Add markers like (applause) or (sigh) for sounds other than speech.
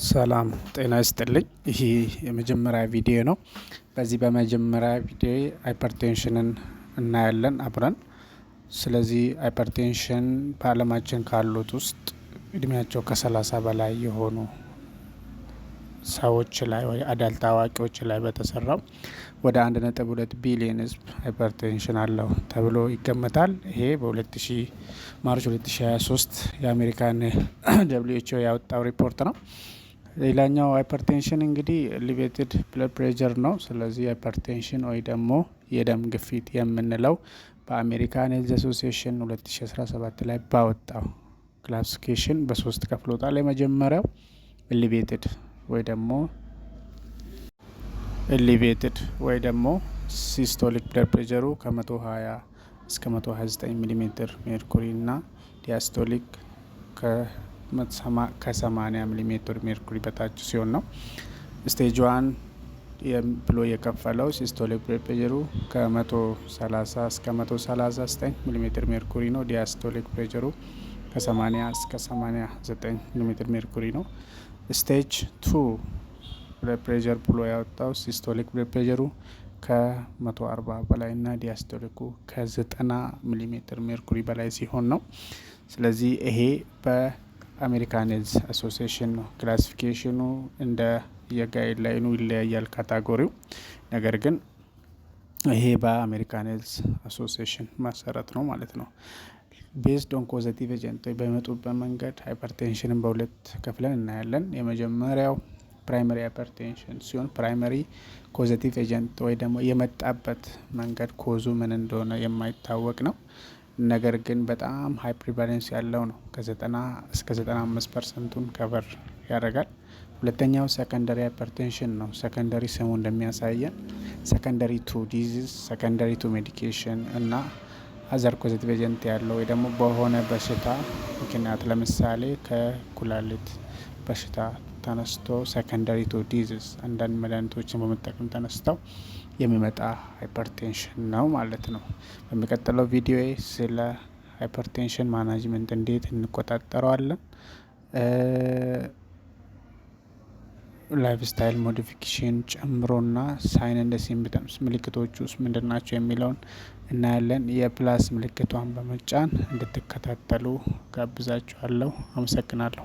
ሰላም ጤና ይስጥልኝ። ይህ የመጀመሪያ ቪዲዮ ነው። በዚህ በመጀመሪያ ቪዲዮ ሃይፐርቴንሽንን እናያለን አብረን። ስለዚህ ሃይፐርቴንሽን በዓለማችን ካሉት ውስጥ እድሜያቸው ከሰላሳ በላይ የሆኑ ሰዎች ላይ ወይ አዳልት አዋቂዎች ላይ በተሰራው ወደ አንድ ነጥብ ሁለት ቢሊዮን ህዝብ ሃይፐርቴንሽን አለው ተብሎ ይገመታል። ይሄ በ 2 ማርች 2023 የአሜሪካን (clears throat) ደብሊው ያወጣው ሪፖርት ነው። ሌላኛው ሃይፐርቴንሽን እንግዲህ ኤሊቬትድ ብለድ ፕሬዠር ነው። ስለዚህ ሃይፐርቴንሽን ወይ ደግሞ የደም ግፊት የምንለው በአሜሪካን ሄልዝ አሶሲሽን 2017 ላይ ባወጣው ክላሲፊኬሽን በሶስት ከፍሎታል። የመጀመሪያው ኤሊቬትድ ወይ ደግሞ ኤሊቬትድ ወይ ደግሞ ሲስቶሊክ ብለድ ፕሬዠሩ ከ120 እስከ 129 ሚሊ ሜርኩሪ እና ዲያስቶሊክ ከ ከ80 ሚሜ ሜርኩሪ በታች ሲሆን ነው። ስቴጅ ዋን ብሎ የከፈለው ሲስቶሊክ ፕሬጀሩ ከ130 እስከ 139 ሚሜ ሜርኩሪ ነው። ዲያስቶሊክ ፕሬጀሩ ከ80 እስከ 89 ሚሜ ሜርኩሪ ነው። ስቴጅ ቱ ብለድ ፕሬጀር ብሎ ያወጣው ሲስቶሊክ ብለድ ፕሬጀሩ ከ140 በላይ እና ዲያስቶሊኩ ከ90 ሚሜ ሜርኩሪ በላይ ሲሆን ነው። ስለዚህ ይሄ በ አሜሪካን ኤድስ አሶሲሽን ነው። ክላሲፊኬሽኑ እንደ የጋይድ ላይኑ ይለያያል ካታጎሪው። ነገር ግን ይሄ በአሜሪካን ኤድስ አሶሲሽን መሰረት ነው ማለት ነው። ቤዝድ ኦን ኮዘቲቭ ኤጀንቶች በመጡበት መንገድ ሃይፐርቴንሽንን በሁለት ከፍለን እናያለን። የመጀመሪያው ፕራይመሪ ሃይፐርቴንሽን ሲሆን ፕራይመሪ ኮዘቲቭ ኤጀንት ወይ ደግሞ የመጣበት መንገድ ኮዙ ምን እንደሆነ የማይታወቅ ነው። ነገር ግን በጣም ሀይ ፕሪቫሌንስ ያለው ነው። ከ90 እስከ 95 ፐርሰንቱን ከቨር ያደርጋል። ሁለተኛው ሰከንደሪ ሃይፐርቴንሽን ነው። ሰከንደሪ ስሙ እንደሚያሳየን ሰከንደሪ ቱ ዲዚዝ፣ ሰከንደሪ ቱ ሜዲኬሽን እና አዘር ኮዘቲቭ ኤጀንት ያለው ወይ ደግሞ በሆነ በሽታ ምክንያት ለምሳሌ ከኩላሊት በሽታ ተነስቶ ሴኮንዳሪ ቱ ዲዝስ አንዳንድ መድኃኒቶችን በመጠቀም ተነስተው የሚመጣ ሃይፐርቴንሽን ነው ማለት ነው። በሚቀጥለው ቪዲዮ ስለ ሃይፐርቴንሽን ማናጅመንት እንዴት እንቆጣጠረዋለን፣ ላይፍ ስታይል ሞዲፊኬሽን ጨምሮና ሳይን እንደ ሲምፕተምስ ምልክቶች ውስጥ ምንድን ናቸው የሚለውን እናያለን። የፕላስ ምልክቷን በመጫን እንድትከታተሉ ጋብዛችኋለሁ። አመሰግናለሁ።